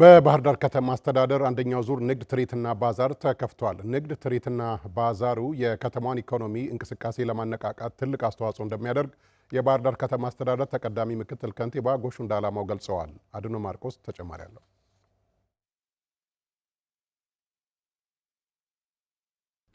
በባህር ዳር ከተማ አስተዳደር አንደኛው ዙር ንግድ ትርኢትና ባዛር ተከፍቷል። ንግድ ትርኢትና ባዛሩ የከተማዋን ኢኮኖሚ እንቅስቃሴ ለማነቃቃት ትልቅ አስተዋጽኦ እንደሚያደርግ የባህር ዳር ከተማ አስተዳደር ተቀዳሚ ምክትል ከንቲባ ጎሹ እንዳላማው ገልጸዋል። አድኖ ማርቆስ ተጨማሪ አለው።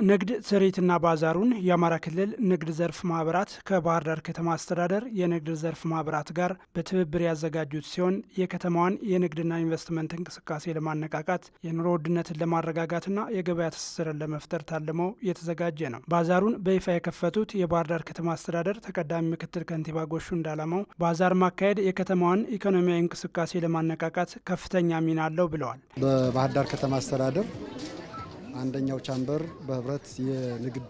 ንግድ ትርኢትና ባዛሩን የአማራ ክልል ንግድ ዘርፍ ማህበራት ከባህር ዳር ከተማ አስተዳደር የንግድ ዘርፍ ማህበራት ጋር በትብብር ያዘጋጁት ሲሆን የከተማዋን የንግድና ኢንቨስትመንት እንቅስቃሴ ለማነቃቃት የኑሮ ውድነትን ለማረጋጋትና የገበያ ትስስርን ለመፍጠር ታልመው የተዘጋጀ ነው። ባዛሩን በይፋ የከፈቱት የባህር ዳር ከተማ አስተዳደር ተቀዳሚ ምክትል ከንቲባ ጎሹ እንዳላማው ባዛር ማካሄድ የከተማዋን ኢኮኖሚያዊ እንቅስቃሴ ለማነቃቃት ከፍተኛ ሚና አለው ብለዋል። በባህር ዳር ከተማ አስተዳደር አንደኛው ቻምበር በህብረት የንግድ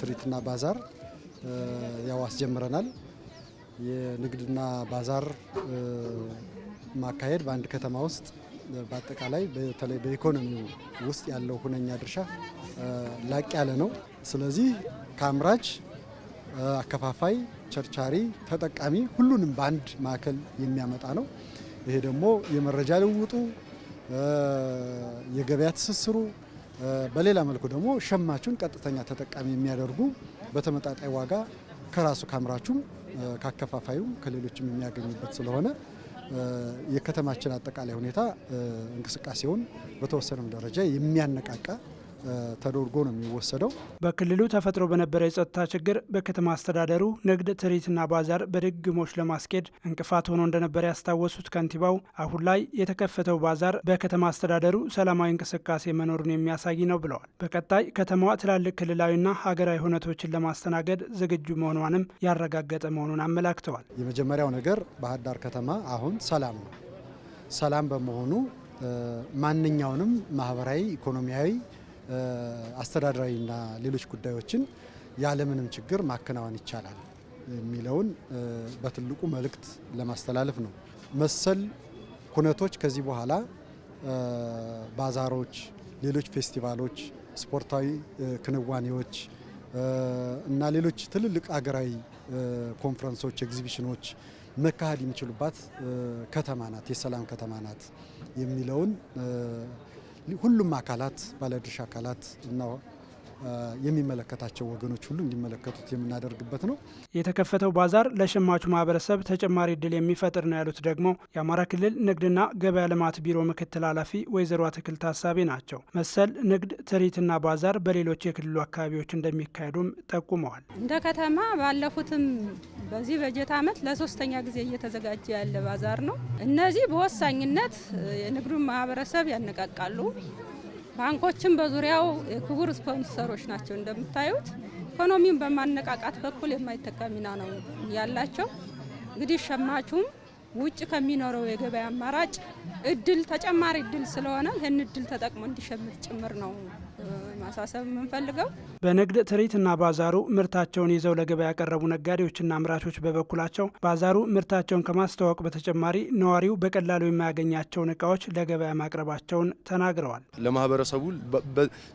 ትርኢትና ባዛር ያው አስጀምረናል። የንግድና ባዛር ማካሄድ በአንድ ከተማ ውስጥ በአጠቃላይ በተለይ በኢኮኖሚው ውስጥ ያለው ሁነኛ ድርሻ ላቅ ያለ ነው። ስለዚህ ከአምራች አከፋፋይ፣ ቸርቻሪ፣ ተጠቃሚ ሁሉንም በአንድ ማዕከል የሚያመጣ ነው። ይሄ ደግሞ የመረጃ ልውውጡ የገበያ ትስስሩ በሌላ መልኩ ደግሞ ሸማቹን ቀጥተኛ ተጠቃሚ የሚያደርጉ በተመጣጣኝ ዋጋ ከራሱ ከአምራቹም ከአከፋፋዩም ከሌሎችም የሚያገኙበት ስለሆነ የከተማችን አጠቃላይ ሁኔታ እንቅስቃሴውን በተወሰነም ደረጃ የሚያነቃቃ ተደርጎ ነው የሚወሰደው። በክልሉ ተፈጥሮ በነበረ የጸጥታ ችግር በከተማ አስተዳደሩ ንግድ፣ ትርኢትና ባዛር በድግሞች ለማስኬድ እንቅፋት ሆኖ እንደነበረ ያስታወሱት ከንቲባው አሁን ላይ የተከፈተው ባዛር በከተማ አስተዳደሩ ሰላማዊ እንቅስቃሴ መኖሩን የሚያሳይ ነው ብለዋል። በቀጣይ ከተማዋ ትላልቅ ክልላዊና ሀገራዊ ሁነቶችን ለማስተናገድ ዝግጁ መሆኗንም ያረጋገጠ መሆኑን አመላክተዋል። የመጀመሪያው ነገር ባህር ዳር ከተማ አሁን ሰላም ነው። ሰላም በመሆኑ ማንኛውንም ማህበራዊ ኢኮኖሚያዊ አስተዳደራዊና ሌሎች ጉዳዮችን ያለምንም ችግር ማከናወን ይቻላል የሚለውን በትልቁ መልእክት ለማስተላለፍ ነው። መሰል ኩነቶች ከዚህ በኋላ ባዛሮች፣ ሌሎች ፌስቲቫሎች፣ ስፖርታዊ ክንዋኔዎች እና ሌሎች ትልልቅ አገራዊ ኮንፈረንሶች፣ ኤግዚቢሽኖች መካሄድ የሚችሉባት ከተማ ናት፣ የሰላም ከተማ ናት የሚለውን ሁሉም አካላት ባለድርሻ አካላት እና የሚመለከታቸው ወገኖች ሁሉ እንዲመለከቱት የምናደርግበት ነው። የተከፈተው ባዛር ለሸማቹ ማህበረሰብ ተጨማሪ እድል የሚፈጥር ነው ያሉት ደግሞ የአማራ ክልል ንግድና ገበያ ልማት ቢሮ ምክትል ኃላፊ ወይዘሮ አትክልት ሀሳቤ ናቸው። መሰል ንግድ ትርኢትና ባዛር በሌሎች የክልሉ አካባቢዎች እንደሚካሄዱም ጠቁመዋል። እንደ ከተማ ባለፉትም በዚህ በጀት ዓመት ለሶስተኛ ጊዜ እየተዘጋጀ ያለ ባዛር ነው። እነዚህ በወሳኝነት የንግዱን ማህበረሰብ ያነቃቃሉ። ባንኮችም በዙሪያው የክቡር ስፖንሰሮች ናቸው። እንደምታዩት ኢኮኖሚን በማነቃቃት በኩል የማይተካ ሚና ነው ያላቸው። እንግዲህ ሸማቹም ውጭ ከሚኖረው የገበያ አማራጭ እድል ተጨማሪ እድል ስለሆነ ይህን እድል ተጠቅሞ እንዲሸምት ጭምር ነው ለማሳሰብ የምንፈልገው። በንግድ ትርኢትና ባዛሩ ምርታቸውን ይዘው ለገበያ ያቀረቡ ነጋዴዎችና አምራቾች በበኩላቸው ባዛሩ ምርታቸውን ከማስተዋወቅ በተጨማሪ ነዋሪው በቀላሉ የማያገኛቸውን እቃዎች ለገበያ ማቅረባቸውን ተናግረዋል። ለማህበረሰቡ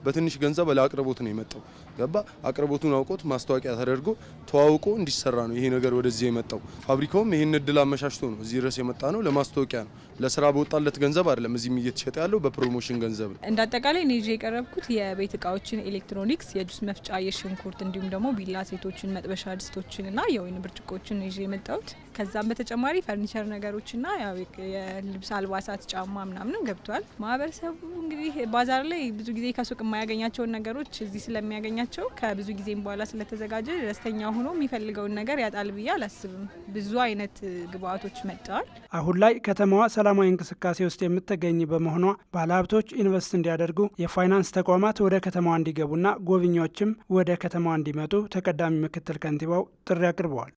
በትንሽ ገንዘብ ለአቅርቦት ነው የመጣው ገባ አቅርቦቱን አውቆት ማስታወቂያ ተደርጎ ተዋውቆ እንዲሰራ ነው ይሄ ነገር ወደዚህ የመጣው። ፋብሪካውም ይህን እድል አመሻሽቶ ነው እዚህ ድረስ የመጣ ነው። ለማስታወቂያ ነው ለስራ በወጣለት ገንዘብ አይደለም እዚህም እየተሸጠ ያለው በፕሮሞሽን ገንዘብ ነው። እንዳጠቃላይ አጠቃላይ እኔ ይዤ የቀረብኩት የቤት እቃዎችን፣ ኤሌክትሮኒክስ፣ የጁስ መፍጫ፣ የሽንኩርት እንዲሁም ደግሞ ቢላ ሴቶችን፣ መጥበሻ ድስቶችን እና የወይን ብርጭቆችን ይዤ የመጣሁት። ከዛም በተጨማሪ ፈርኒቸር ነገሮችና የልብስ አልባሳት፣ ጫማ ምናምንም ገብቷል። ማህበረሰቡ እንግዲህ ባዛር ላይ ብዙ ጊዜ ከሱቅ የማያገኛቸውን ነገሮች እዚህ ስለሚያገኛቸው ከብዙ ጊዜም በኋላ ስለተዘጋጀ ደስተኛ ሆኖ የሚፈልገውን ነገር ያጣል ብዬ አላስብም። ብዙ አይነት ግብአቶች መጥተዋል። አሁን ላይ ከተማዋ ሰላማዊ እንቅስቃሴ ውስጥ የምትገኝ በመሆኗ ባለሀብቶች ኢንቨስት እንዲያደርጉ የፋይናንስ ተቋማት ወደ ከተማዋ እንዲገቡና ጎብኚዎችም ወደ ከተማዋ እንዲመጡ ተቀዳሚ ምክትል ከንቲባው ጥሪ አቅርበዋል።